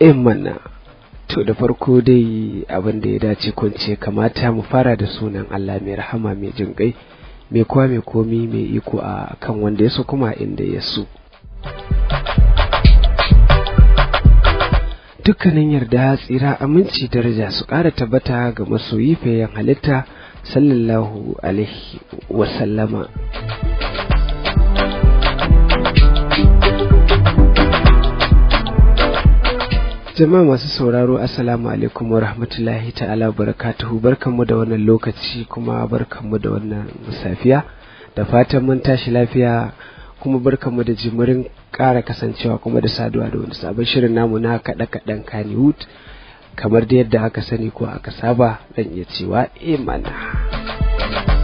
in eh, mana to da farko dai abin da ya dace kwance kamata mu fara da sunan Allah mai rahama mai jin kai mai kowa mai komi mai iko a kan wanda ya sa kuma inda ya su dukkanin yarda tsira aminci daraja su ƙara tabbata ga masoyi fayyan halitta sallallahu alaihi wasallama jama'a masu sauraro assalamu alaikum wa rahmatullahi ta'ala barakatuhu barkanmu da wannan lokaci kuma barkanmu da wannan safiya da fatan mun tashi lafiya kuma barkanmu da jimirin ƙara kasancewa kuma da saduwa da wani sabon shirin namu na kaɗan-kaɗan kaniwood kamar da yadda aka sani ko aka saba zan iya cewa imana. Eh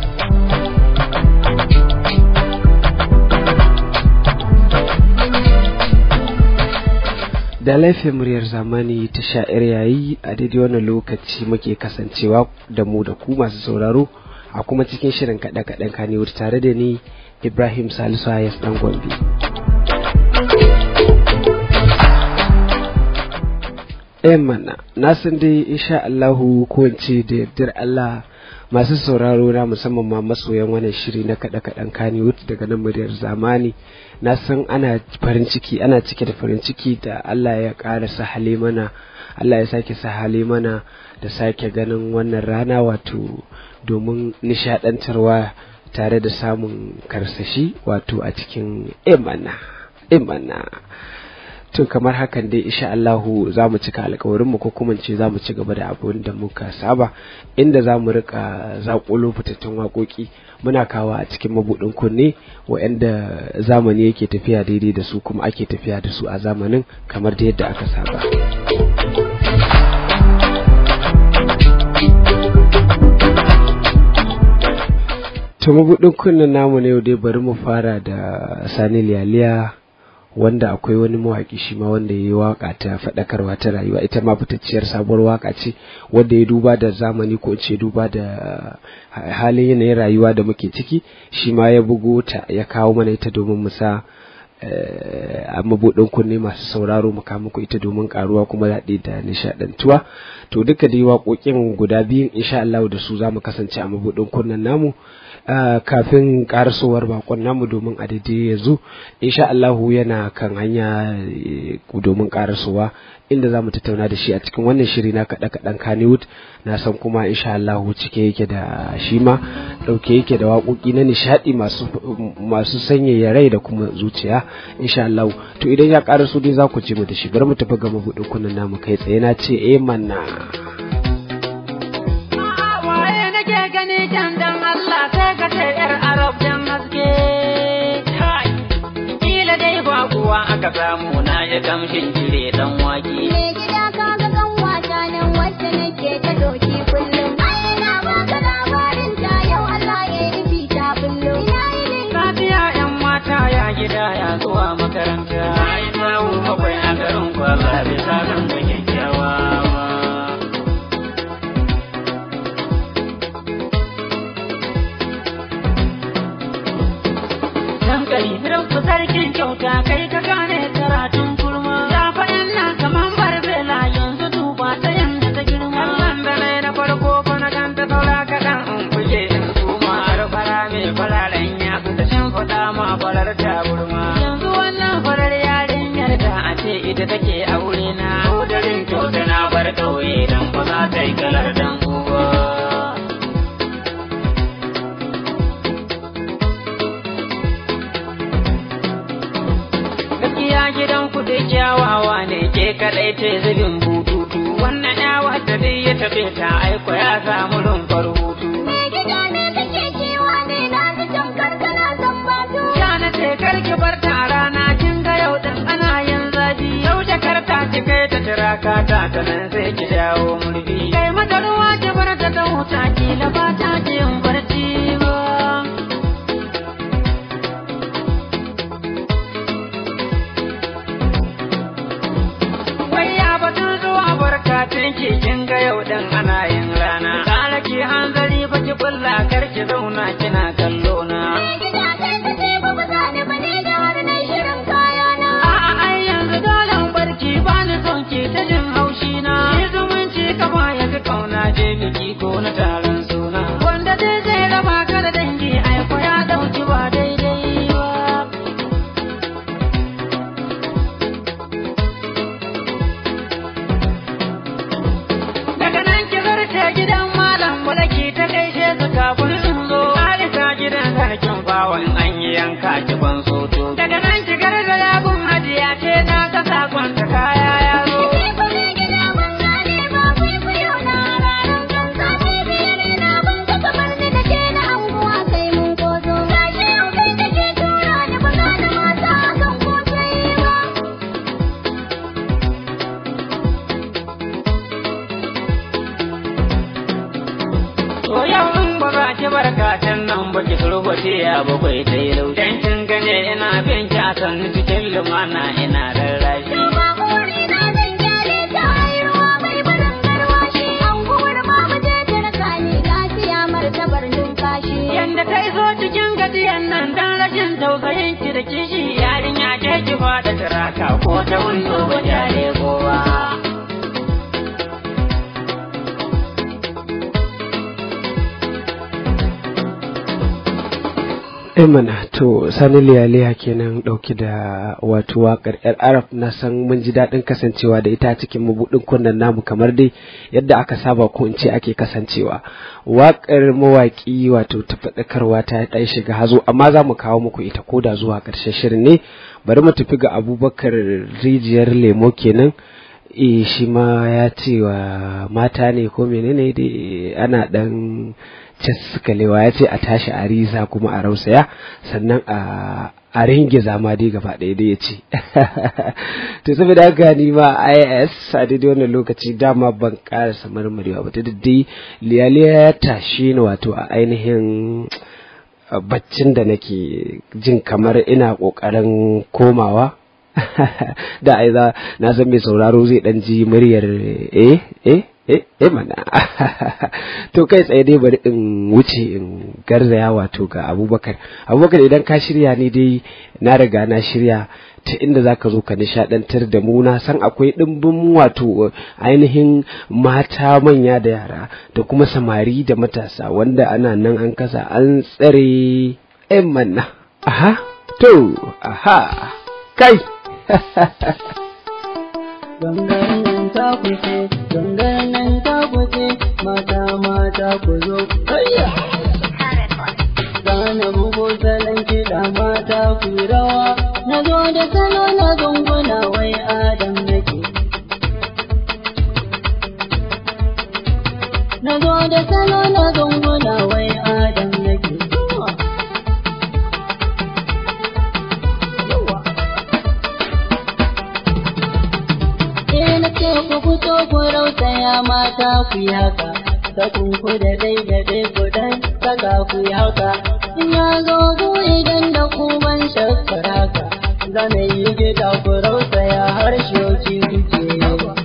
da laifin muryar zamani ta sha'ir yayi a daidai wannan lokaci muke kasancewa da mu da ku masu sauraro a kuma cikin shirin kaɗe-kaɗen kaniwar tare da ni ibrahim salisu hayas dan gombe na san dai insha Allahu ko da yardar Allah masu sauraro na musamman ma masoyan wannan shiri na kaɗa kaɗan wuta daga nan muryar zamani na san ana farin ciki ana cike da farin ciki da Allah ya ƙara sahale mana Allah ya sake sahale mana da sake ganin wannan rana wato domin nishaɗantarwa tare da samun karsashi wato a cikin imana eh imana eh tun kamar hakan dai insha Allahu za mu cika mu ko kuma ce za mu ci gaba da abin da muka saba inda za mu rika zaƙulo fitattun waƙoƙi muna kawa a cikin mabuɗin kunne waɗanda zamani yake tafiya daidai da su kuma ake tafiya da su a zamanin kamar da yadda aka saba. ta mabuɗin kunnen namu na yau dai bari mu fara da Sani Liyaliya wanda akwai wani mawaƙi shi ma wanda ya yi waƙa ta faɗakarwa ta rayuwa ita ma fitacciyar sabuwar waka ce wanda ya duba da zamani ko ce duba da halin yanayin rayuwa da muke ciki shi ma ya bugo ta ya kawo mana ita domin mu sa eh, a mabuɗin kunne masu sauraro mu kawo muku ita domin karuwa kuma daɗe da nishaɗantuwa to duka da yi waƙoƙin guda biyun insha Allah da su za mu kasance a mabuɗin kunnen namu kafin karasowar bakon namu domin a daidai yanzu insha Allahu yana kan hanya eh, domin karasowa inda za mu tattauna da shi a cikin wannan shiri na kaɗa kaɗan Kannywood na san kuma insha Allahu cike yake da shi ma ɗauke yake da waƙoƙi na nishaɗi masu masu sanyaya rai da kuma zuciya insha Allahu to idan ya karaso dai za ku ce mu da shi bari mu tafi ga mabuɗin kunnen namu kai tsaye na ce eh manna ka samu na ya kamshin jire dan wake. Me gida ka ga kan wata nan wacce nake ta doki kullum. Ai na baka labarin ta yau Allah ya rufi ta kullum. Ina yi Safiya yan mata ya gida ya zuwa makaranta. Ai samu bakwai a garin kwala bisa kan da kyakkyawa. Dankali, sarkin kyauta kai ka gane ƙauye dan ba za ta yi kalar dan uwa. Gaskiya gidan kuɗi kyawawa ne ke kaɗai ce zubin bututu wannan yawa ta dai ya taɓe ta aiko ya samu rumfar hutu. Me gida ne kake kewa ne na zaton karkara zan batu. Ya na ce karki ta. ki kai ta tira ka ta ta nan sai ki dawo murfi kai mata ruwa ki bar ta ta huta ki ba ta yin barci ba wai ya batun zuwa barka tun ki kin ga yau dan ana yin rana kana ki hanzari ba ki bulla kar ki zauna kina kallo na ki ta jin haushi na ya zumunci ka ya ga kauna je biki ko na taron suna wanda dai zai raba ka da dangi aiko ya dauki ba daidai ba daga nan ki zarce gidan malam wala ta gaishe su kafin sun zo ta gidan sarkin bawan an yi yanka ki ban so daga nan ki gargara gun hajiya ce na kasa kwanta kaya Koyan ba za ki bar katin nan ba ki turbace ya bakwai ta yi laushi. kin gane ina bin ki a sannu cikin lumana ina rarrashi. Yanda kai zo cikin gajiyan nan dan rashin tausayin ki da kishi yarinya ke ki fada turaka ko ta wundo ba jare kowa. Imana eh to Sani Liyaliya kenan ɗauki da wato waƙar ‘yar Arab na san mun ji daɗin kasancewa da ita cikin mabuɗin kunnen namu kamar dai yadda aka saba ko in ce ake kasancewa. wakar mawaƙi wato ta faɗakarwa ta ɗan shiga hazo amma za mu kawo muku ita ko da zuwa ƙarshen shirin ne bari mu tafi ga Abubakar Rijiyar Lemo kenan. E shi ma ya ce wa mata ne ko menene dai ana ɗan lewa ya ce a tashi a risa kuma a rausaya sannan a ringe zama dai gaba ɗaya dai ya ce to saboda haka ni ma is a daidai wannan lokaci dama ban ƙarasa marmarewa ba ta daidai liyaliya ya tashi ni wato a ainihin baccin da nake jin kamar ina ƙoƙarin komawa da za na san mai sauraro zai ɗan ji muryar eh eh Eh, eh mana to kai tsaye dai bari in wuce in garzaya wato ga abubakar abubakar idan ka shirya ni dai na riga na shirya ta inda za ka zo ka nishaɗantar da mu na san akwai ɗimbin wato eh, ainihin mata manya da yara da kuma samari da matasa wanda ana nan an kasa an tsare yan eh, mana aha to aha kai da salo na ganguna wai adam nake E, na ce ku fito ku rautaya mata ku yaka, ta kunku da dai da dai ku dan saka ku yaka. Ina zo ku idan da ku ban shakkar zanayi gida ku rautaya har shoki kuke yawa.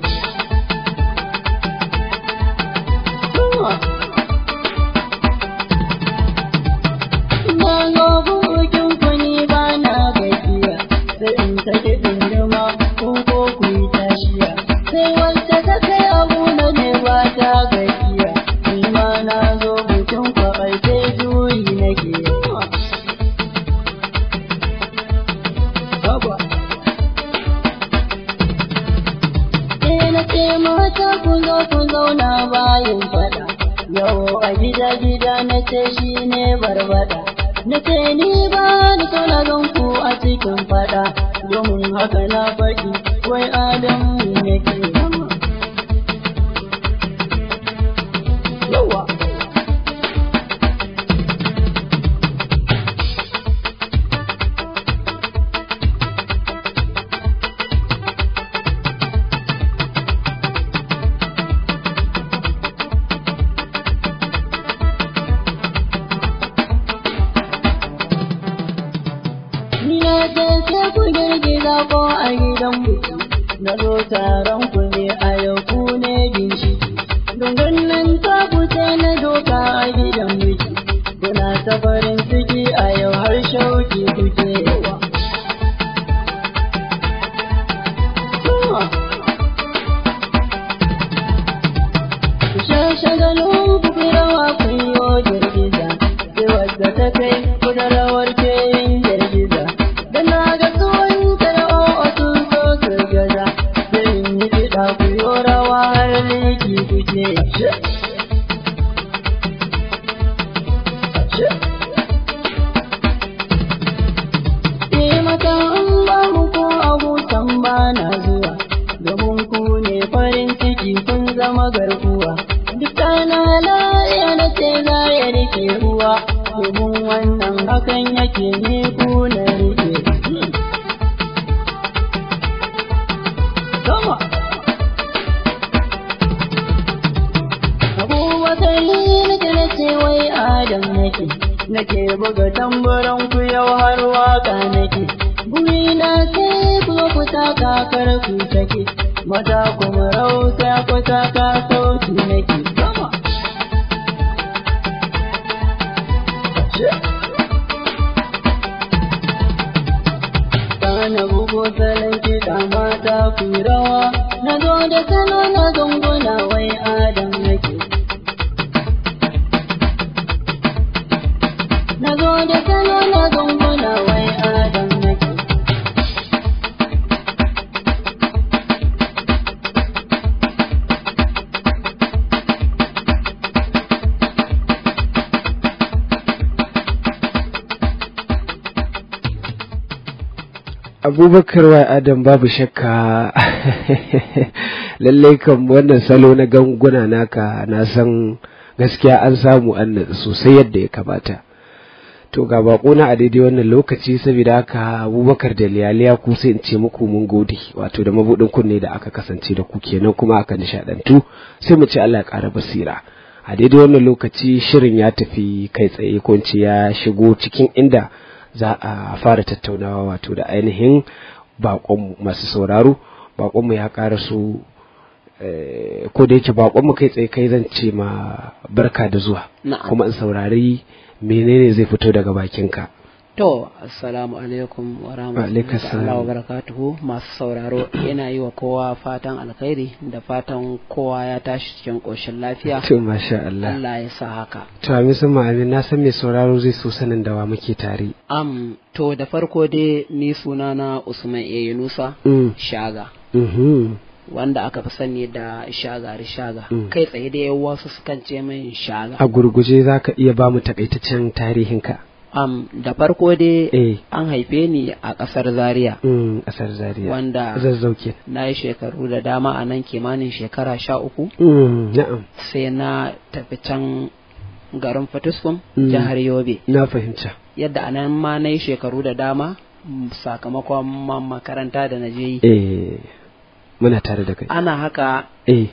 abubakar wa adam babu shakka lallai kan wannan salo na ganguna naka na san gaskiya an samu an sosai yadda ya kamata to ga bakona a daidai wannan lokaci saboda haka abubakar da liyaliya ku sai in ce muku mun gode wato da mabudin kunne da aka kasance da ku kenan kuma aka nishadantu sai mu ce Allah ya ƙara basira a daidai wannan lokaci shirin ya tafi kai tsaye ko ya shigo cikin inda za a fara tattaunawa wato da ainihin bakon masu sauraro bakonmu ya su eh, ko da yake bakonmu kai tsaye kai zan ce ma barka da zuwa kuma in saurari menene zai fito daga bakinka To, assalamu alaikum wa rahmatullahi wa barakatuhu masu sauraro yana yi wa kowa fatan alkhairi da fatan kowa ya tashi cikin koshin lafiya. To, masha Allah. Allah ya sa haka. To, amin sun ma'amin na san mai sauraro zai so sanin da wa muke tare. Am, to da farko dai ni suna na Usman E. Yunusa mm. Shaga. Mm-hmm. wanda aka fi sani da shagari shaga mm. kai tsaye da yawa su sukan ce min shaga a gurguje za ka iya ba mu takaitaccen ka. Um, da farko dai eh. an haife ni a ƙasar zaria mm, ƙasar zaria wanda zazzauke na yi shekaru da dama a nan kimanin shekara sha uku mm, sai na tafi can garin fatuskum mm. jihar yobe na fahimta yadda a nan ma na yi shekaru da dama mm, sakamakon makaranta da na je yi eh. muna tare da kai ana haka eh.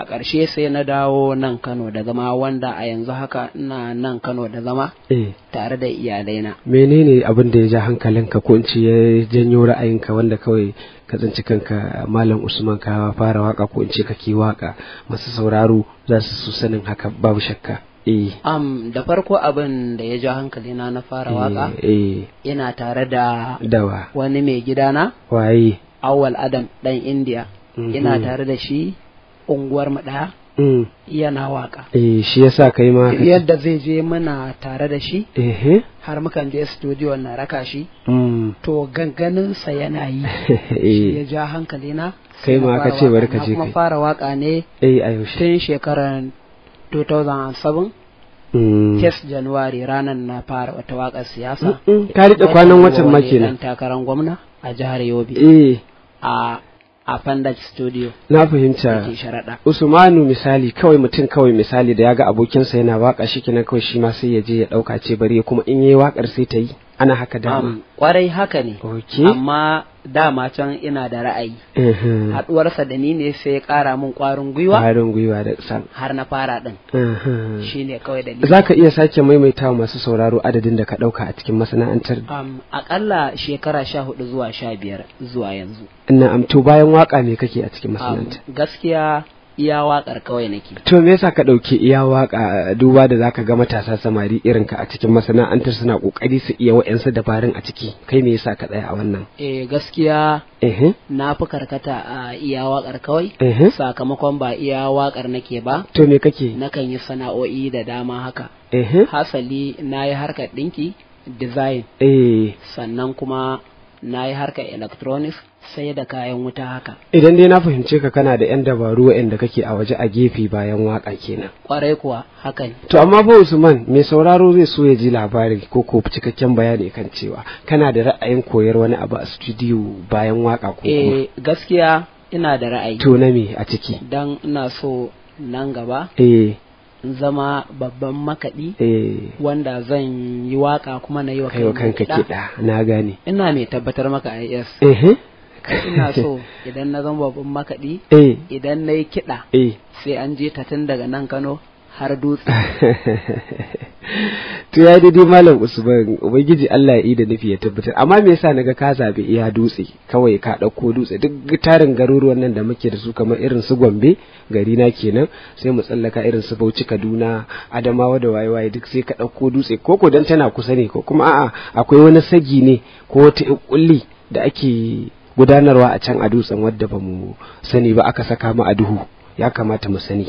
a ƙarshe sai na dawo nan kano da zama wanda a yanzu haka ina nan kano da zama eh. tare da iyalaina menene abin da ya ja hankalinka ko in ce ya janyo ra'ayinka wanda kawai ka tsinci kanka malam usman ka fara waka ko in ce kake waka masu sauraro za su so sanin haka babu shakka eh. Am da farko abin da ya ja hankalina na fara waka eh, ina tare da dawa wani mai gidana waye awwal adam ɗan indiya mhm. ina tare da shi unguwar mu daya mm. yana waka eh shi yasa kai ma yadda zai je muna tare da shi eh har mukan je studio na raka shi mm. to ganganin sa yana yi eh. ya ja hankali na kai ma ka ce bari ka je kuma fara waka ne eh a shi tun shekarar 2007 Yes, Januwari ranar na fara wata waƙar siyasa. Ka riƙe kwanan watan ma kenan. takarar gwamna a jihar Yobe. Eh. A a Fandak Studio. Na fahimta. Usmanu misali kawai mutum kawai misali da ya ga abokinsa yana waka shi kenan kawai shi ma sai yaje ya ɗauka ce bari kuma in yi wakar sai ta yi ana haka da. kwarai haka ne. Okay. Amma dama can ina da ra'ayi Haɗuwarsa da ni ne sai ya ƙara min ƙwarin gwiwa ƙwarin gwiwa da san har na fara ɗin. Shi ne kawai dalili ka iya sake maimaita masu sauraro adadin da ka ɗauka a cikin masana'antar Aƙalla shekara shekara hudu zuwa sha biyar zuwa yanzu Na to bayan waka me kake a cikin masana'antar gaskiya iya waƙar kawai nake to me yasa ka ɗauki iya waƙa eh, duba da zaka ga matasa samari irin ka a cikin masana'antar suna ƙoƙari su iya wa'yansu dabarun a ciki kai me yasa ka tsaya a wannan eh gaskiya na fi karkata a iya waƙar kawai sakamakon ba iya waƙar nake ba to me kake nakan yi sana'o'i da dama haka hasali na yi harkar ɗinki design eh. sannan kuma na yi harkar electronics sai da kayan wuta haka idan dai na fahimce ka kana da yan dabaru waɗanda kake a waje a gefe bayan waka kenan kwarai kuwa haka ne. to amma ba usman mai sauraro zai so ya ji labari ko ko cikakken bayani kan cewa kana da ra'ayin koyar wani abu a studio bayan waka ko eh gaskiya ina da ra'ayi to na me a ciki dan ina so nan gaba eh zama babban makaɗi eh. wanda zan yi waka kuma na yi wa kanka kiɗa na gane ina mai tabbatar maka is ina so idan na zama babban makaɗi eh. idan na yi kiɗa eh. sai an je ta tun daga nan kano har dutse to ya daidai malam usman ubangiji Allah ya yi da nufi ya tabbatar amma me yasa naga ka zabi iya dutse kawai ka ɗauko dutse duk tarin garuruwan nan da muke da su kamar irin su Gombe gari na kenan sai mu tsallaka irin su Bauchi Kaduna Adamawa da wayewaye duk sai ka ɗauko dutse ko ko dan tana kusa ne ko kuma a'a akwai wani sagi ne ko wata ƙulli da ake gudanarwa a can a dutsen wadda ba mu sani ba aka saka mu a duhu ya kamata mu sani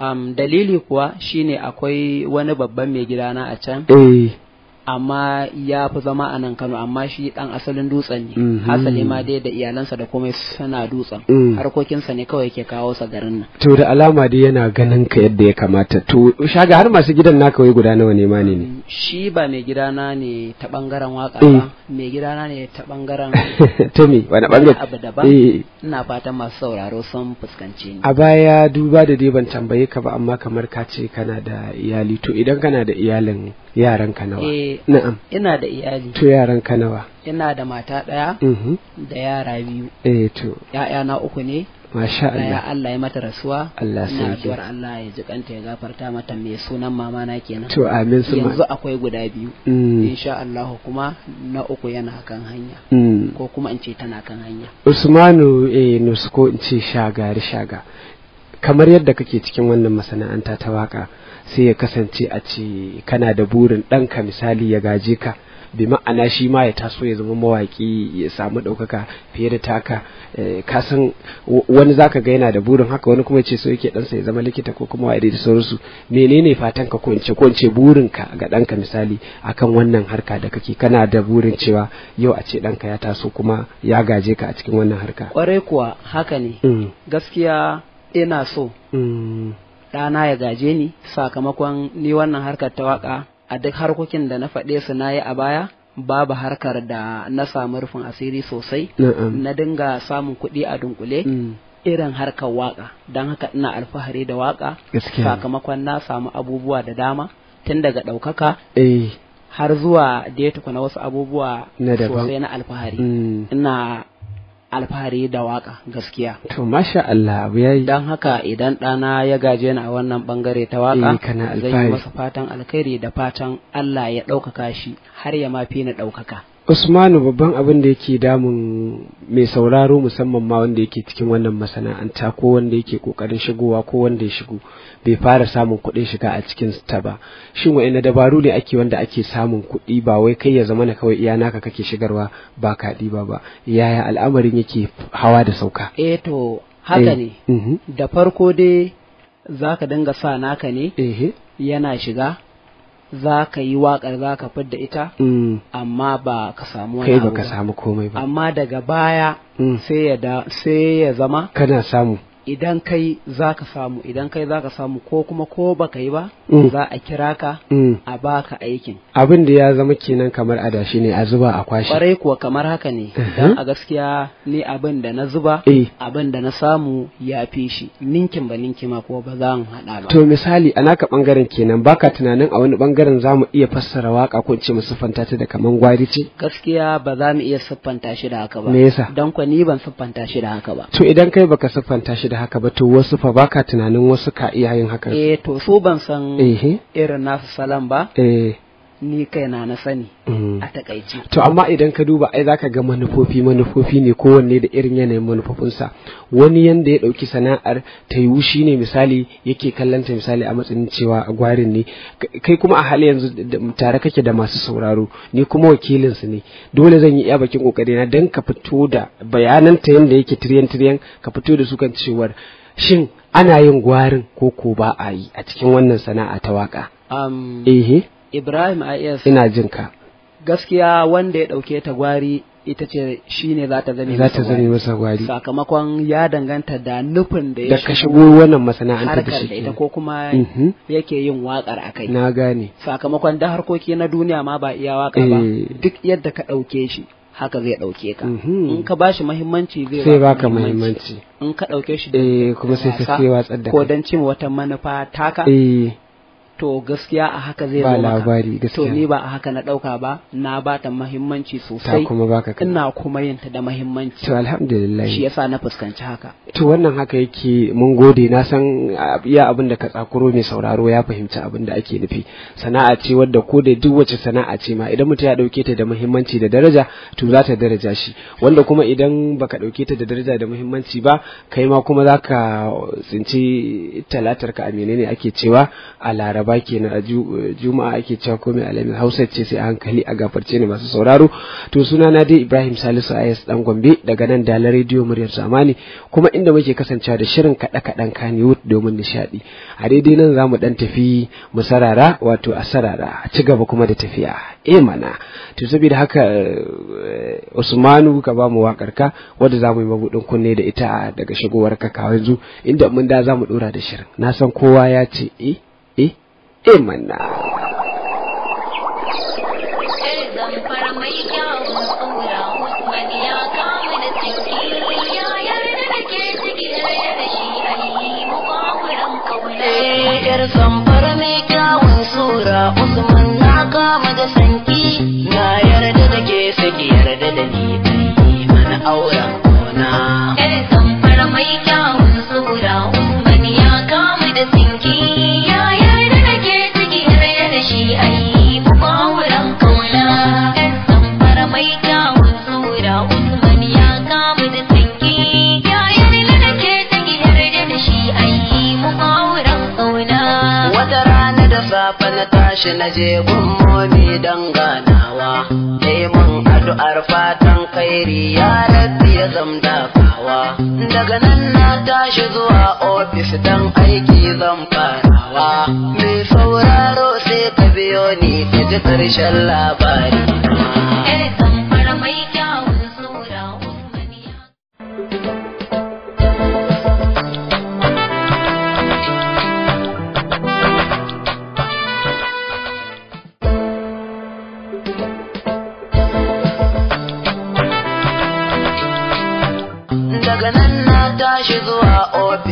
um, dalili kuwa shine akwai wani babban mai gidana a can eh. amma ya fi zama a nan Kano amma shi dan asalin dutsen ne mhm. hasali ma dai da iyalansa da komai suna dutsen mhm. harkokinsa ne kawai ke kawo sa garin nan to da alama dai yana ganin ka yadda ya kamata to shaga har masu gidan na kawai guda nawa ne ma ne mm, shi ba mai gidana ne ta bangaren waka ba eh. mai gidana ne ta bangaren to me wani bangare abu daban eh. ina fatan masu sauraro sun fuskanci ni a baya duba da dai ban tambaye ka ba amma kamar ka ce kana da iyali to idan kana da iyalin yaran ka nawa eh, na'am ina da iyali to yaran ka nawa ina da mata daya mm-hmm. da yara biyu eh to ya'ya na uku ne Masha Allah. Allah ya mata rasuwa. Allah sai addu'ar Allah ya ji kanta ya gafarta mata mai sunan mama na kenan. To amin su Yanzu akwai guda biyu. Mm. Insha Allah kuma na uku yana kan hanya. Mm. Ko kuma in ce tana kan hanya. Usmanu eh Nusko in ce shaga shaga. Kamar yadda kake cikin wannan masana'anta ta waka. sai ya kasance a ce kana da burin ɗanka misali ya gaje ka bi ma'ana shi ma ya taso ya zama mawaƙi ya samu ɗaukaka fiye da taka eh, kasan wani zaka ga yana da burin haka wani kuma ce so yake ɗansa ya zama likita ko kuma waye da sauransu menene fatan ka kwance kwance burin ka ga ɗanka misali akan wannan harka da kake kana da burin cewa yau a ce ɗanka ya taso kuma ya gaje ka a cikin wannan harka kwarai kuwa haka ne mm. gaskiya ina so mm. ɗana ya gaje ni sakamakon ni wannan harkar ta waka a duk harkokin da na faɗe su na yi a baya babu harkar da na samu rufin asiri sosai na dinga samun kuɗi a dunkule mm. irin harkar waka don haka ina alfahari da waka sakamakon na samu abubuwa da dama tun daga ɗaukaka eh. har zuwa da ya tukuna wasu abubuwa sosai na alfahari mm. ina alfahari da waka gaskiya to masha Allah abu yayi dan haka idan ɗana ya gaje ni a wannan bangare ta waka eh, zan yi masa fatan alkhairi da fatan Allah ya ɗaukaka shi har ya ma fi ni ɗaukaka Usmanu babban abin da yake damun mai sauraro musamman ma wanda yake cikin wannan masana'anta ko wanda yake kokarin shigowa ko wanda ya shigo bai fara samun kuɗin shiga a cikin ta ba shin wa'ina dabaru ne ake wanda ake samun kuɗi ba wai kai ya zama na kawai iya naka kake shigarwa ba ka ba ba yaya al'amarin yake hawa da sauka eh to haka ne eh, mhm. da farko dai zaka dinga sa naka ne eh. yana shiga za ka yi waƙar za ka fidda ita mm. amma ba ka samu wani kai ba ka samu komai ba amma daga baya mm. sai ya zama kana samu idan kai za ka samu idan kai za ka samu ko kuma ko baka yi ba mm. za a kira ka mm. a baka aikin abin da ya zama kenan kamar adashi ne a zuba a kwashi kwarai kuwa kamar haka ne dan a gaskiya ni abin da na zuba eh. abin da na samu ya fi shi ninkin ba ninkin ma kuwa ba za mu hada ba to misali a naka bangaren kenan baka tunanin a wani bangaren za mu iya fassara waka ko ce mu siffanta ta da kaman gwari ce gaskiya ba za mu iya siffanta shi da haka ba me yasa dan kwa ni ban siffanta shi da haka ba to idan kai baka siffanta shi da haka ba to wasu fa baka tunanin wasu ka iya yin haka eh to su ban san irin nasu salam ba eh ni kai na na sani mm. a takaici. To amma idan ka duba ai zaka ga manufofi manufofi ne kowanne da irin yanayin manufofinsa wani yanda ya ɗauki sana'ar ta yiwu shi ne misali yake kallanta misali a matsayin cewa gwarin ne kai kuma a hali yanzu tare kake da masu sauraro ni kuma wakilinsa ne dole zan yi iya bakin kokari na dan ka fito da bayanan bayananta yanda yake tiryan tiryan ka fito da su kan cewar shin ana yin gwarin ko ko ba a yi a cikin wannan sana'a ta waka. Um, Ibrahim IF ina jin ka gaskiya wanda ya ɗauke ta gwari ita ce shi ne za ta zame masa gwari sakamakon ya danganta da nufin da ya shigo wannan masana'antar da shi ita ko kuma mhm. yake yin wakar a kai na gane sakamakon da harkoki na duniya ma ba iya waka ba eh. duk yadda ka ɗauke shi haka zai ɗauke ka mhm. in ka bashi muhimmanci zai sai baka muhimmanci in ka ɗauke shi da eh, kuma sai sai watsar da ko don cin wata manufa taka eh to gaskiya a haka zai zo labari to ni ba a haka na dauka ba na ba ta muhimmanci sosai kuma baka ina kuma yin ta da muhimmanci to alhamdulillah shi yasa na fuskanci haka to wannan haka yake mun gode na san ya abin da ka tsakuro mai sauraro ya fahimci abin da ake nufi sana'a ce wadda ko da duk wace sana'a ce ma idan mutum ya dauke ta da muhimmanci da daraja to za ta daraja shi wanda kuma idan baka dauke ta da daraja da muhimmanci ba kai ma kuma zaka tsinci talatar ka a menene ake cewa a laraba laraba kenan a eh, juma'a ake cewa komai alamin hausa ce sai a hankali a gafarce ne masu sauraro to suna na dai ibrahim salisu ayas dan gombe daga nan dalar rediyo muryar zamani kuma inda muke kasancewa da shirin kaɗe kaɗen kaniwood domin nishaɗi a daidai nan zamu mu ɗan tafi mu sarara wato a sarara a ci gaba kuma da tafiya e mana to saboda haka eh, usmanu ka ba mu wakar ka wadda za yi mabuɗin kunne da ita daga shigowar ka yanzu inda mun da za mu ɗora da shirin na san kowa ya ce eh emana. mana Yar mai kyawun Usman na kama da na yarda da ke saki yarda da ni mana auren kona. Yar zamfara mai kyawun safe na tashi na je gummomi don ganawa neman addu'ar fatan kairi ya rabbi ya zam dafawa daga nan na tashi zuwa ofis don aiki zan farawa mai sauraro sai ka biyo ni ka ji karshen labari eh,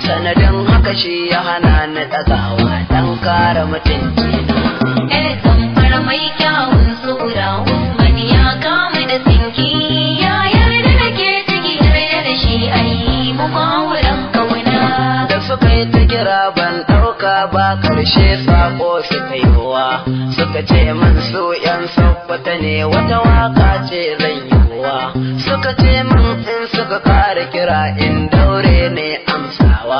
sanadin haka shi ya hana ni dagawa dan kare mutunci na eh, mai kyawun tsura wani ya kama da tsinki ya yarda da ke ta gidaya da shi a yi mukawuran kauna da suka yi ta gira ban ɗauka ba karshe sako suka yi wa suka ce min su yan sabbata ne wata waka ce zai yi wa suka ce min in suka kara kira in daure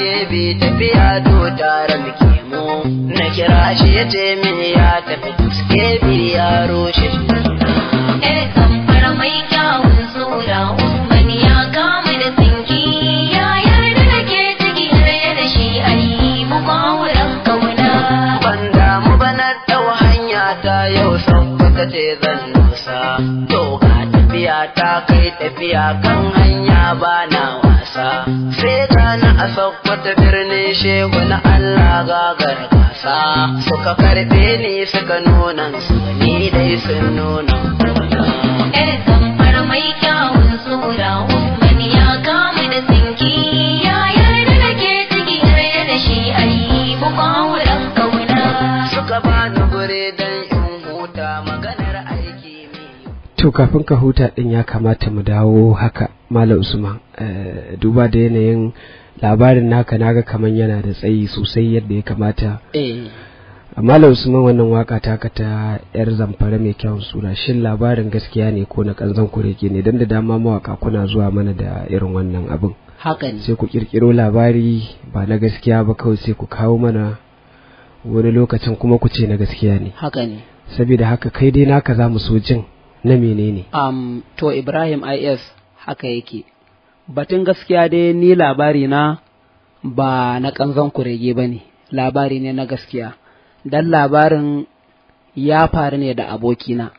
ke bi tafiya to tare muke mu na kira shi ya ce min ya tafi ke bi ya roshe yar eh, kamfara mai kyawun sura umman ya kama da sinki ya yarda da ke ciki raye da shi ayi mu kwawuran kauna ban damu ba na dau hanya ta yau san ka ce zan nusa to ga tafiya ta kai tafiya kan hanya ba nawa gasa sai rana a sakkwata birnin shehu na Allah gagar gasa suka karbe ni suka nuna su ni dai sun nuna Yar zamfar mai kyawun tsura wani ya kama da sinki ya yarda da ke ciki yarda da shi ayi muku hauren kauna suka bani gure to kafin ka huta din ya kamata mu dawo haka malam usman eh, duba da yanayin labarin naka naga kaman yana da tsayi sosai yadda ya kamata eh. malam usman wannan waka taka ta yar zamfara mai kyawun suna shin labarin gaskiya ne ko na kanzan kurege ne dan da dama mawaka kuna zuwa mana da irin wannan abin haka sai ku kirkiro labari ba na gaskiya ba kawai sai ku kawo mana wani lokacin kuma ku ce na gaskiya ne haka ne saboda haka kai dai naka za mu so jin na menene um, to ibrahim is haka yake batun gaskiya dai ni labari na ba na ƙanzan kurege ba ne labari ne na gaskiya dan labarin ya faru ne da abokina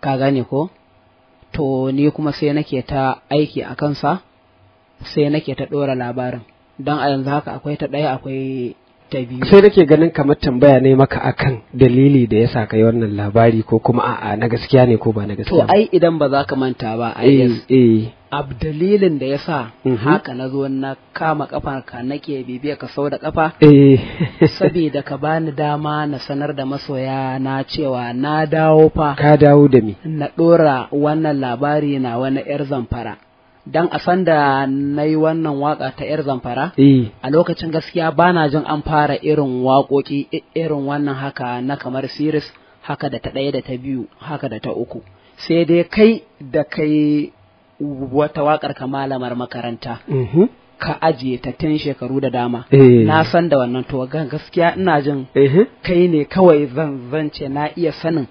ka gane ko to ni kuma sai nake ta aiki a kansa sai nake ta ɗora labarin don a yanzu haka akwai ta ɗaya akwai sai nake ganin kamar tambaya ne maka akan dalili da ya yasa kai wannan labari ko kuma a'a na gaskiya ne ko ba na gaskiya to ai idan ba za ka manta ba ai eh, eh ab dalilin da yasa mhm. haka na zo na kama kafa ka nake bibiya ka sau da kafa eh. saboda ka bani dama na sanar da masoya na cewa na dawo fa ka dawo da mi. na dora wannan labari na wani yar zamfara dan a sanda na yi wannan waka ta yar zamfara eh. a lokacin gaskiya ba na jin an fara irin waƙoƙi irin wannan haka na kamar siris haka da ta ɗaya da ta biyu haka da ta uku sai dai kai da kai wata wakar ka malamar makaranta mhm. ka ajiye ta tun shekaru da dama eh. na san da wannan to gaskiya ina jin eh. kai ne kawai zan zance na iya sanin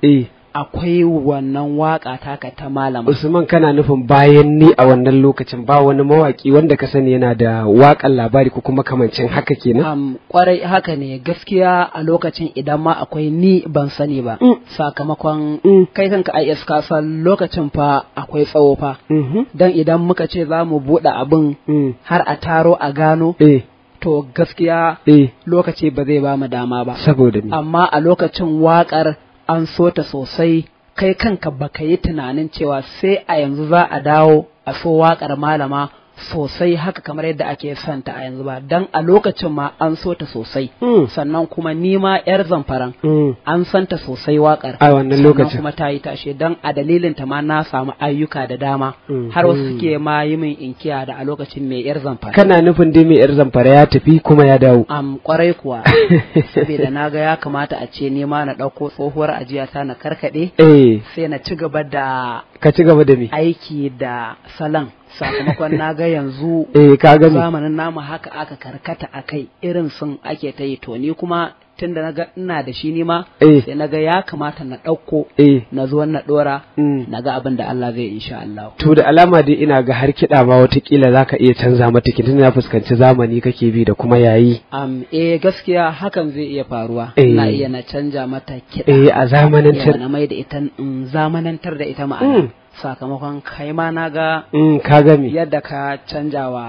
akwai wannan waka taka ta malama Usman kana nufin bayan ni a wannan lokacin ba wani mawaki wanda ka sani yana da wakan labari ko kuma kamancin haka kenan um, kwarai haka ne gaskiya a lokacin idan ma akwai ni ban sani ba mm. sakamakon mm. kai kanka ai iska san lokacin fa akwai tsawo fa mm dan idan muka ce za mu buɗe abin mm. har a taro a gano eh. to gaskiya eh. lokaci ba zai ba mu dama ba saboda amma a lokacin waƙar an so ta sosai kai kanka baka yi tunanin cewa sai a yanzu za a dawo a so waƙar malama sosai haka kamar yadda ake santa a yanzu ba dan a lokacin ma an so ta sosai hmm. sannan kuma ni ma yar zamfaran hmm. an santa sosai wakar a wannan lokacin kuma ta yi tashe dan a dalilin ta ma na samu ayyuka da dama hmm. har wasu suke ma yi min inkiya da a lokacin mai yar zamfara kana nufin dai mai yar zamfara ya tafi kuma ya dawo am kwarai kuwa saboda na ga ya kamata a ce ni ma na dauko tsohuwar ajiya ta na karkade eh. sai na ci gaba da ka ci gaba da me aiki da salon sakamakon na ga yanzu eh, zamanin namu haka aka karkata a kai irin sun ake ta yi to ni kuma tun da naga ina da shi nima eh. sai naga ya kamata na ɗauko eh. na zo na ɗora mm. na ga abin da Allah zai insha Allah. To da alama dai ina ga har kiɗa ma watakila za ka iya canza mata kitin na fuskanci zamani kake bi da kuma yayi. Am eh gaskiya hakan zai iya faruwa. Na iya na canja mata kiɗa. Eh a zamanantar. Na mai da ita zamanantar da ita ma'ana. Mm. sakamakon kai ma na ga mm, ka gami yadda ka canja wa.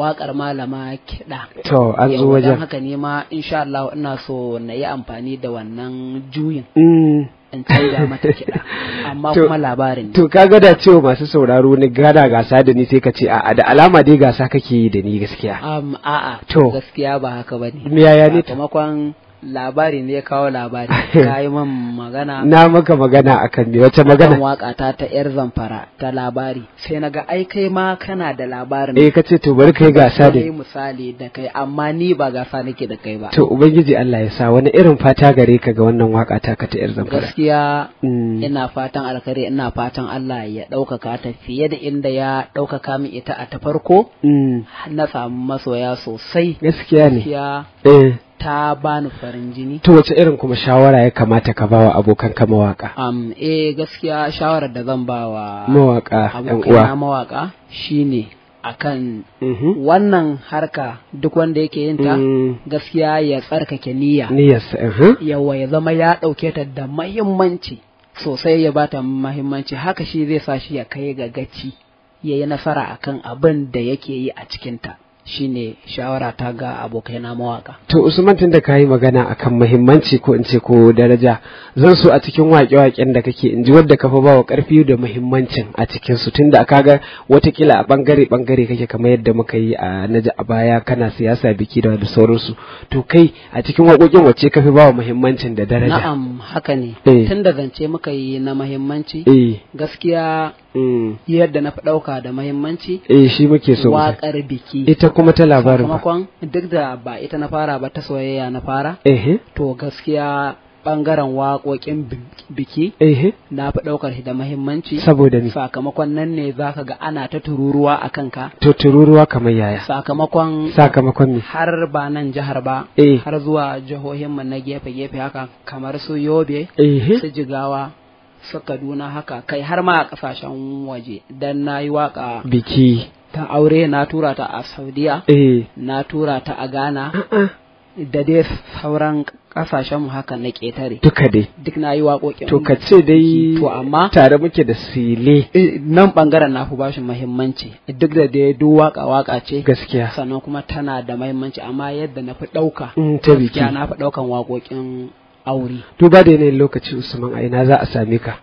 waƙar malama kiɗa to an zo wajen haka ne ma insha Allah ina so na yi amfani da wannan juyin mm. in canja mata kiɗa amma kuma labarin to ka da cewa masu sauraro ni gada gasa da ni sai ka ce a'a da alama dai gasa kake yi da ni gaskiya a'a to gaskiya ba haka bane me yaya ne sakamakon labari ne ya kawo labari ka yi man magana na maka magana akan me wace magana kan waka ta ta yar zamfara ta labari sai na ga ai kai ma kana da labarin eh kace to bari kai gasa da kai misali da kai amma ni ba gasa nake da kai ba to ubangiji Allah ya sa wani irin fata gare ka ga wannan waka ta ka ta yar zamfara gaskiya mm. ina fatan alkhairi ina fatan Allah ya ɗaukaka ta fiye da inda ya ɗaukaka min ita a ta farko mm. na samu masoya sosai gaskiya ne eh ta bani farin jini to wace irin kuma shawara ya kamata ka bawa abokan ka mawaka um eh gaskiya shawarar da zan bawa mawaka abokan mawaka shine akan mhm. wannan harka duk wanda yake yin ta mm. gaskiya ya tsarkake niyya yawa uh-huh. ya zama ya ɗauke ta da mahimmanci sosai ya bata mahimmanci haka shi zai sa shi ya kai ga gaci ya yi nasara akan abin da yake yi a cikinta. Shi ne shawara ta ga abokaina mawaka to usman tun da kayi magana akan muhimmanci ko in ce ko daraja zan so a cikin waƙe-waƙen da kake in ji wadda ka fi ba wa ƙarfi da muhimmancin a cikinsu su tunda aka ga watakila a ɓangare-ɓangare kake kamar yadda muka yi a naja a baya kana siyasa biki da sauransu to kai a cikin waƙoƙin wacce ka fi ba wa muhimmancin da daraja na'am haka ne eh. tun da zance muka yi na muhimmanci eh. gaskiya mm. yadda na fi ɗauka da muhimmanci eh shi muke so waƙar biki kuma ta labarin ba sakamakon duk da ba ita na fara ba ta soyayya na fara to gaskiya bangaren waƙoƙin biki na fi ɗaukar shi da muhimmanci. saboda ni sakamakon nan ne za ka ga ana ta tururuwa a kanka to tururuwa kamar yaya sakamakon sakamakon ne har ba nan jihar ba eh. har zuwa jihohin mu na gefe gefe haka kamar su yobe su jigawa su kaduna haka kai har ma a kasashen waje dan na yi waƙa biki ta aure na tura ta a saudiya eh. na tura ta a ghana da dai sauran kasashenmu haka na ƙetare. Duka dai. Duk na yi waƙoƙin. To ka ce dai to amma tare muke da sile. Eh, nan bangaren na fi bashi muhimmanci duk da dai duk waƙa waƙa ce. Gaskiya. Sannan kuma tana da muhimmanci amma yadda na fi ɗauka. Mm, ta biki. Gaskiya na fi ɗaukan wakokin aure. To ba da yanayin lokaci Usman a ina za a same ka.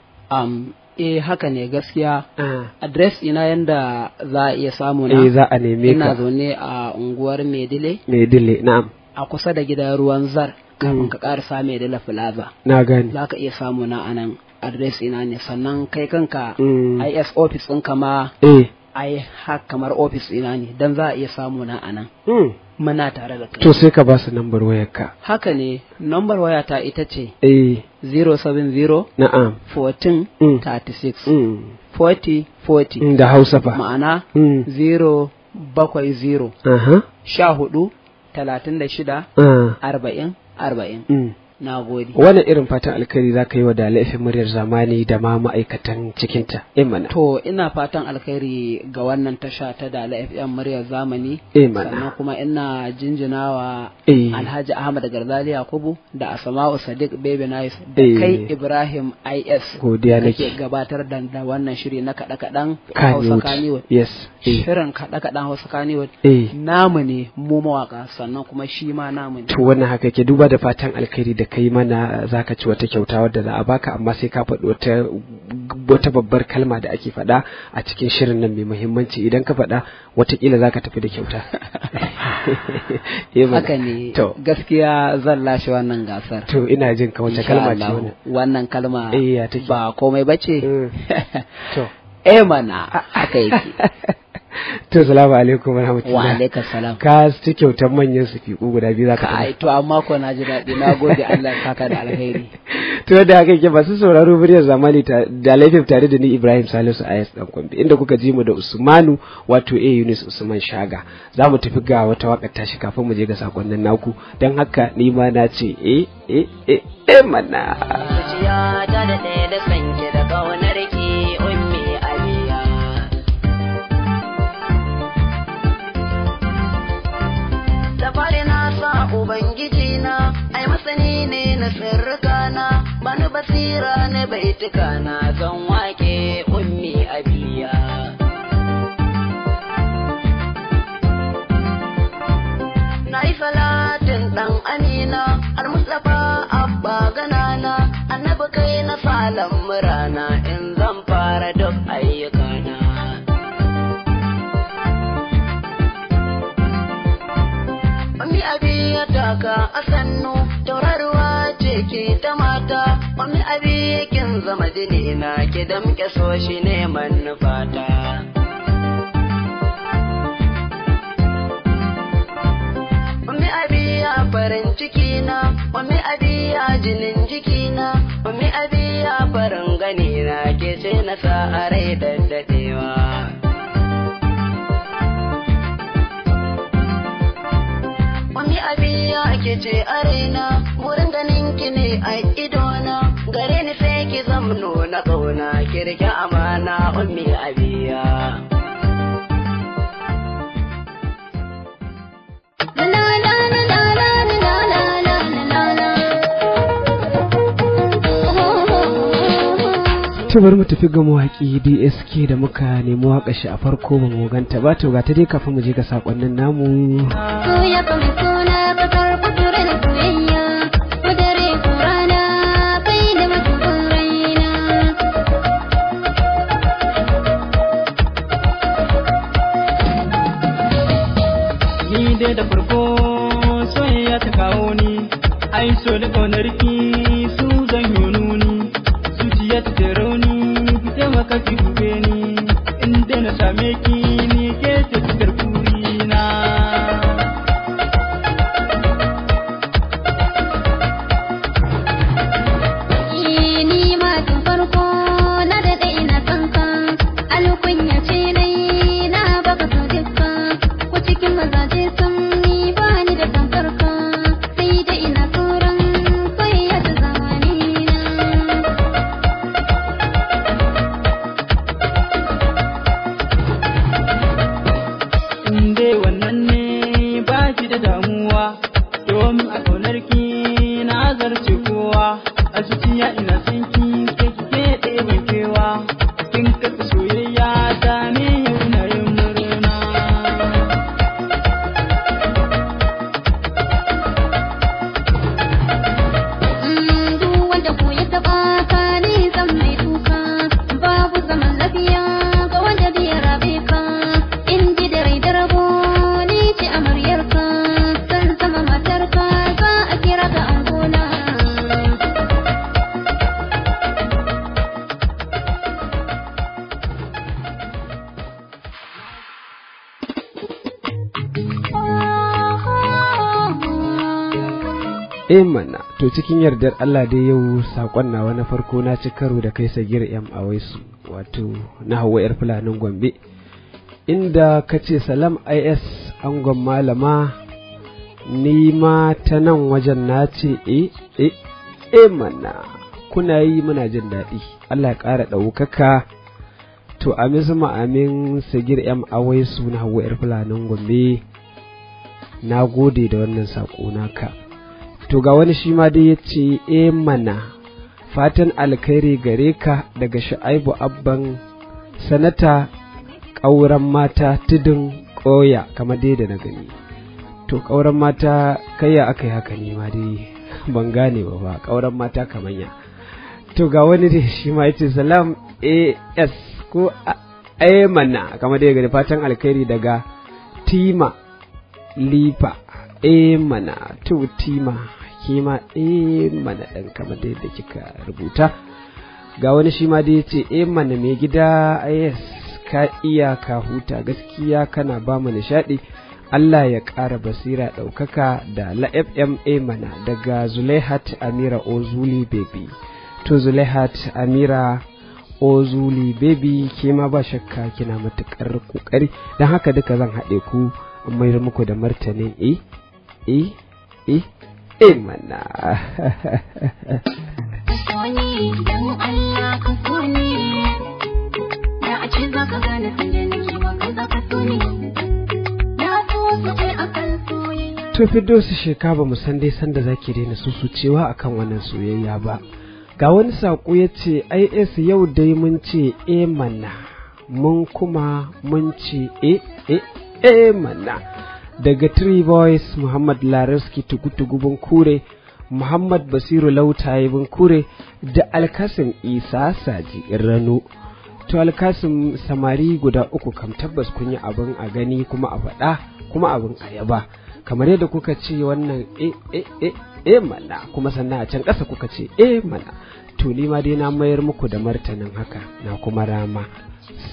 eh haka ne gaskiya ah. adres ina yanda za a iya samu na eh, za a neme ka ina zaune a unguwar Medile Medile na'am a kusa da gidan ruwan zar kafin mm. ka karasa Medile Plaza na gani za ka iya samu na anan adres ina ne sannan kai kanka mm. IS office ɗinka ma eh ai ha kamar ofis ina ne dan za a iya samu na anan hmm. muna tare da kai to sai ka ba su nambar wayarka haka ne nambar wayata ita ce eh 070 na'am 14 36 hmm. hmm. da Hausa fa ma'ana 070. bakwai zero sha hudu talatin ah. Wane irin fatan alkhairi za ka yi wa da laifin muryar zamani da ma ma'aikatan cikinta imana to ina fatan alkhairi ga wannan tasha ta da laifin muryar zamani imana sannan kuma ina jinjinawa eh. alhaji ahmad garzali yakubu da asama'u sadiq baby nice da eh. kai ibrahim is godiya nake gabatar da wannan shiri na kaɗe kaɗan hausa kaniwood yes eh. shirin kaɗe kaɗan hausa kaniwood namu ne mu mawaƙa sannan kuma shi ma namu ne to wannan haka ke duba da fatan alkhairi da kai mana zaka ci wata kyauta wadda za a baka amma sai ka faɗi wata wata babbar kalma da ake faɗa a cikin shirin nan mai muhimmanci idan ka faɗa watakila ka tafi da kyauta eh haka ne gaskiya zan lashe wannan gasar to ina jin ka wata kalma ce wani. wannan kalma eh, ba komai bace mm. to Emana eh mana haka yake to salamu alaikum wa rahmatullahi wa alaikum salam ka ci kyautar manyan sifiku guda biyu zaka ai to amma ko na ji daɗi na gode Allah ya saka da alheri to da haka yake masu sauraro muryar zamani da laifin tare da ni Ibrahim Salisu Ayas dan Kwambe inda kuka ji mu da Usmanu wato A Yunus Usman Shaga za mu tafi ga wata wakar tashi kafin mu je ga sakonnin naku dan haka ni ma na ce eh eh eh, eh mana da na bani basira ne bai na zan wake dini na ki damke so shi ne manufata. Umi abiya farin ciki na, umi abiya jinin jiki na, umi abiya farin gani na ke ce na sa a rai da na zauna kirki amana ummi abiya ta bari mu tafi ga mawaƙi DSK da muka nemi waƙa shi a farko ba mu ganta ba to ga ta dai kafin mu je ga saƙonnin namu சொன்ன கொண்டிருக்கீ cikin yardar Allah dai yau sakon nawa na farko na ci karo da kai sagir yam a waisu wato na hawa yar fulanin gombe inda ka ce salam is angon malama ni ma ta nan wajen na ce e eh mana kuna yi muna jin daɗi Allah ya ƙara ɗaukaka to amin zuma amin sagir yam a waisu na hawa yar fulanin gombe na gode da wannan sako naka to ga wani shi ma dai ya ce e mana fatan alkhairi gare ka daga sha'aibu abban sanata ƙauran mata tudun ƙoya kamar dai da na gani to ƙauran mata kayya aka yi haka ne ma dai ban gane ba ba ƙauran mata ya to ga wani dai shi ma ya ce salam as ko mana kamar dai gani fatan alkhairi daga tima lifa mana to tima shi ma eh mana ɗan kamar da yadda kika rubuta ga wani shi ma da ya ce eh mana mai gida yes ka iya ka huta gaskiya kana ba mu nishaɗi Allah ya ƙara basira ɗaukaka da la FMA eh, mana daga Zulaihat Amira Ozuli Baby. To Zulaihat Amira Ozuli Baby ke ma ba shakka kina matuƙar ƙoƙari don haka duka zan haɗe ku mai muku da martanin e, e, e. imana to fiddo su sheka ba san dai sanda zaki daina susucewa akan wannan soyayya ba ga wani saƙo ya ce is yau dai mun ce e mana mun kuma mun ce e e e mana daga three boys muhammad larabski tugu-tugu bunkure muhammad basiru lautaye bunkure da alkasim isa saji rano to alkasim samari guda uku kam tabbas kun yi abin a gani kuma a faɗa kuma abin a yaba kamar yadda kuka ce wannan e e mana kuma sannan a can ƙasa kuka ce e mana to ni ma dai na mayar muku da martanin haka na kuma rama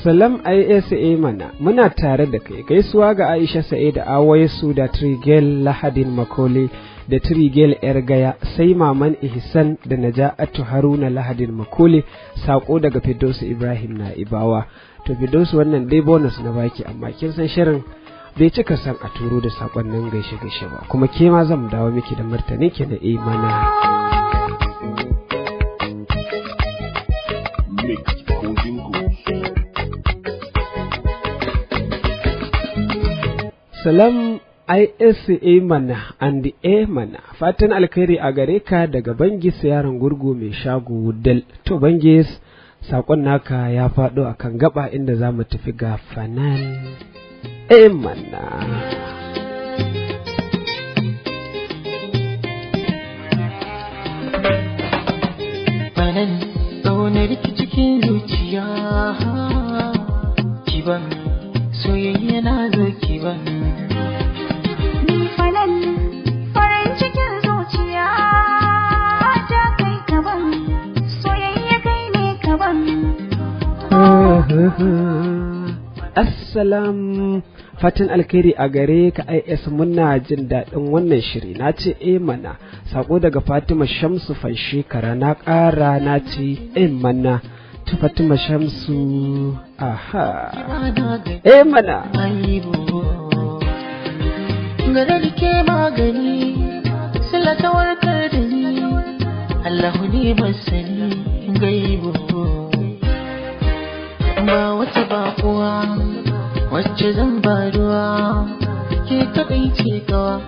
Salam ISA mana muna tare da kai gaisuwa ga Aisha awaye su da Trigel Lahadin Makole da Trigel Ergaya sai Maman Ihsan da Naja'atu Haruna Lahadin Makole sako daga Fidosu Ibrahim na Ibawa to Fidosu wannan dai bonus na baki amma kin san shirin bai cika san a turo da sakonnin gaishe gaishe ba kuma ke ma zan dawo miki da martani ke da imana. salam ISA mana and A mana fatan alkhairi a gare ka daga bangi yaron gurgu mai shago del to bangi sakon naka ya faɗo a kan gaba inda za mu tafi ga fanan A mana. nan zaunar cikin zuciya ki ban soyayya na zo ba ni zuciya ta kai fatan alkhairi a gare ka is muna jin daɗin wannan shiri na ce e mana sako daga fatima shamsu fanshi kara na ƙara na ce e mana ta fatima shamsu aha eh mana gare da ke magani sila ta warkar da ni allahu ne masani gaibu ba wata kuwa wacce zan ba ruwa ke kaɗai ce gawa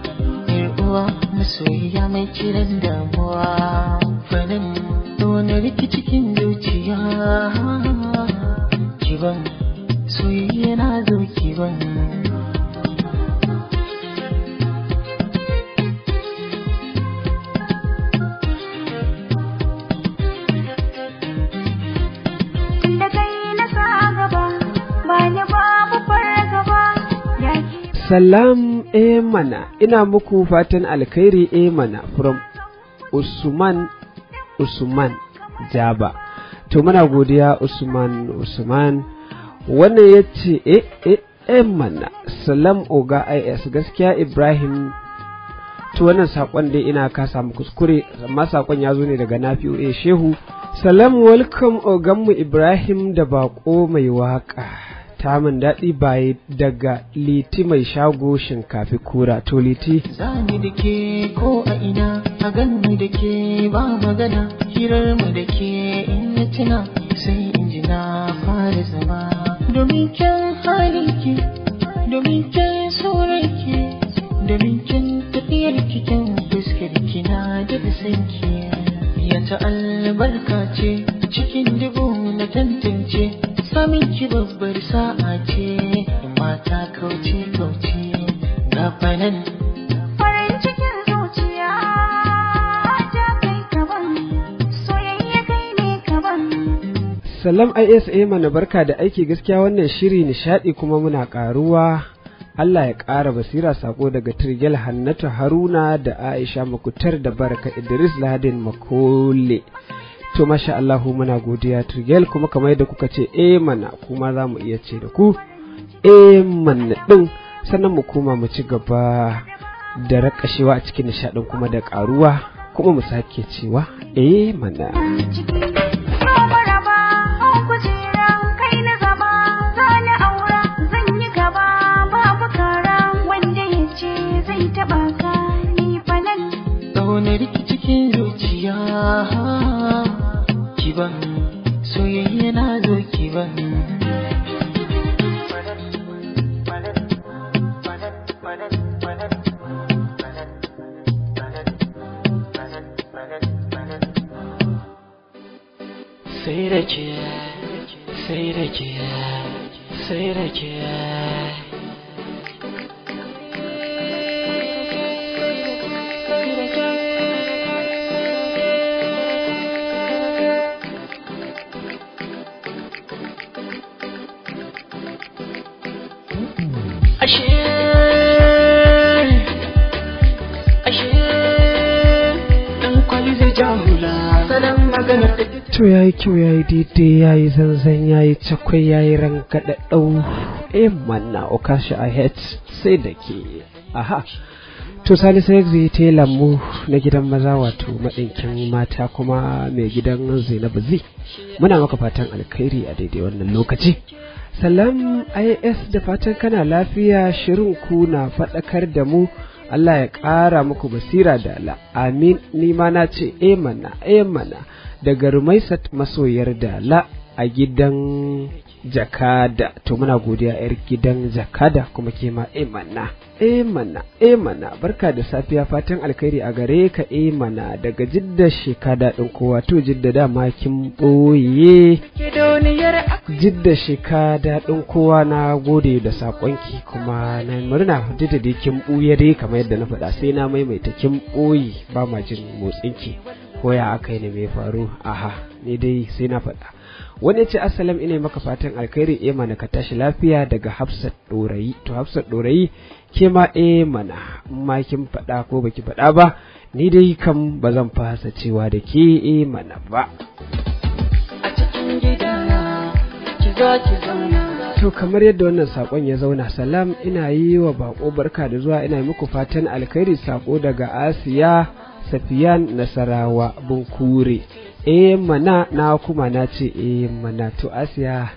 uwa masoyiya mai kiran damuwa fanin wani rikici cikin zuciya ki ban Salam e ina muku fatan alkhairi Emana eh, mana from Usman Usman Jaba. to muna godiya usman usman wannan ya ce e mana salam oga is gaskiya ibrahim to wannan sakon dai ina ka samu kuskure amma sakon ya zo ne daga nafi eh shehu salam welcome oganmu ibrahim da bako mai waka ta min daɗi baye daga liti mai shago shinkafi kura to liti zani da ke ko a ina a ganin da ke ba magana hirar mu da ke tuna sai injina na fara zama domin can halinki domin can sauranki domin can tafiyar cikin fuskar kina da sanki ya ta albarka ce cikin dubu na tantance samin ki babbar sa'a ce mata kauce kauce gabanan Salam ISA mana barka da aiki gaskiya wannan shiri nishadi kuma muna ƙaruwa Allah ya ƙara basira sako daga Tirgel Hannatu Haruna da Aisha Makutar da Baraka Idris Ladin Makole. To masha Allahu muna godiya Tirgel kuma kamar yadda kuka ce eh mana kuma za mu iya ce da ku eh mana din sannan mu koma mu ci gaba da rakashewa a cikin nishaɗin kuma da ƙaruwa kuma mu sake cewa eh mana. Soyayyarki cikin zuciya ban soyayya na zo ban Say it again, say it to yi kyau ya yayi daidai yi zanzan ya yi cakwai yayi rangada dau E eh, manna o a het sai da ke aha to sani sai zai ta lambu na gidan maza wato maɗinkin mata kuma mai gidan zainabu zi muna maka fatan alkhairi a daidai wannan lokaci salam is da fatan kana lafiya shirin ku na faɗakar da mu Allah ya ƙara muku basira da ala amin ni ma na ce e eh, mana e eh, mana daga rumaisat masoyar dala a gidan jakada to muna godiya yar gidan jakada kuma ke ma imana imana imana barka da safiya fatan alkhairi a gare ka imana daga jidda shekada din kowa to jidda da kin boye jidda shekada din kowa na gode da sakonki kuma na murna jidda dai kin buye dai kamar yadda na faɗa sai na maimaita kin boye ba ma jin motsinki koya aka yi ne mai faru aha ni dai sai na faɗa wani ya ce assalam ina maka fatan alkhairi eh mana ka tashi lafiya daga hafsat ɗorayi to hafsat ɗorayi ke ma eh mana ma kin faɗa ko baki faɗa ba ni dai kam ba zan fasa cewa da ke eh mana ba to kamar yadda wannan sakon ya zauna salam ina yi wa bako barka da zuwa ina yi muku fatan alkhairi sako daga asiya safiyan nasarawa bunkure eh mana na kuma na ce eh mana to asiya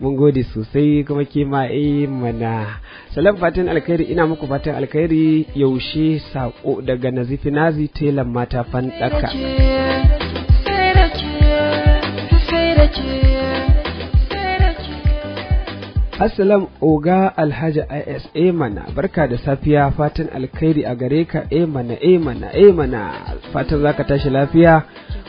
mun gode sosai kuma ke ma eh mana salam fatan alkhairi ina muku fatan alkhairi yaushe sako daga nazifi nazi telan mata fandaka sai da ke sai da ke Assalam Oga Alhaji IS eh barka da safiya fatan alkhairi a gare ka A eh mana A eh mana mana fatan zaka tashi lafiya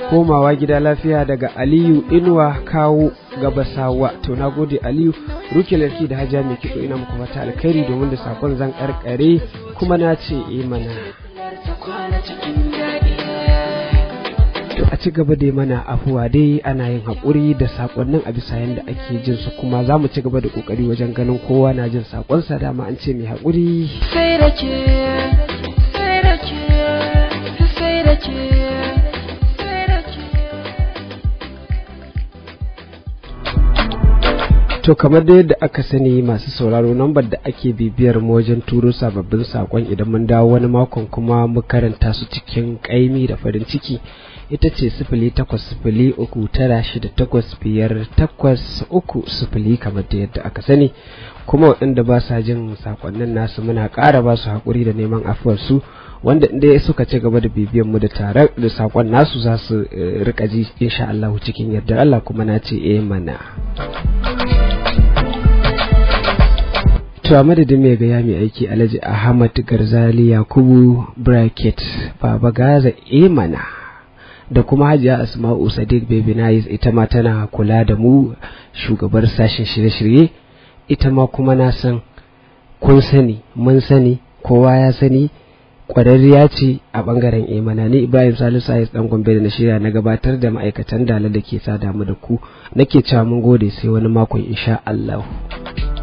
komawa gida lafiya daga Aliyu Inuwa kawo gabasawa to nagode Aliyu ruke larki da hajiya mai kitso ina muku fata alkhairi domin da sakon zan karkare kuma na ce A mana ci gaba da mana afuwa dai ana yin haƙuri da saƙonnin a bisa yadda ake jin su kuma za mu ci gaba da ƙoƙari wajen ganin kowa na jin saƙonsa dama an ce mai haƙuri. Sai To kamar da yadda aka sani masu sauraro nambar da ake bibiyar mu wajen turo sababbin sakon idan mun dawo wani makon kuma mu karanta su cikin kaimi da farin ciki ita ce sifili takwas sifili uku tara shida takwas biyar takwas uku sifili kamar da yadda aka sani kuma waɗanda ba sa jin sakonnin nasu muna ƙara ba su haƙuri da neman afuwarsu wanda inda suka ci gaba da bibiyan mu da tare da saƙon nasu za su eh, rika ji insha Allah cikin yadda Allah kuma na ce eh mana to a madadin mai gaya mai aiki Alhaji Ahmad Garzali Yakubu bracket Baba Gaza eh mana da kuma hajiya asma'u sadiq baby nice ita ma tana kula da mu shugabar sashen shirye-shirye ita ma kuma na san kun sani mun sani kowa ya sani kwararriya ce a bangaren imana ni ibrahim salisu sayis dan gombe da na shirya na gabatar da ma'aikatan dala da ke sada mu da ku nake cewa mun gode sai wani makon insha allahu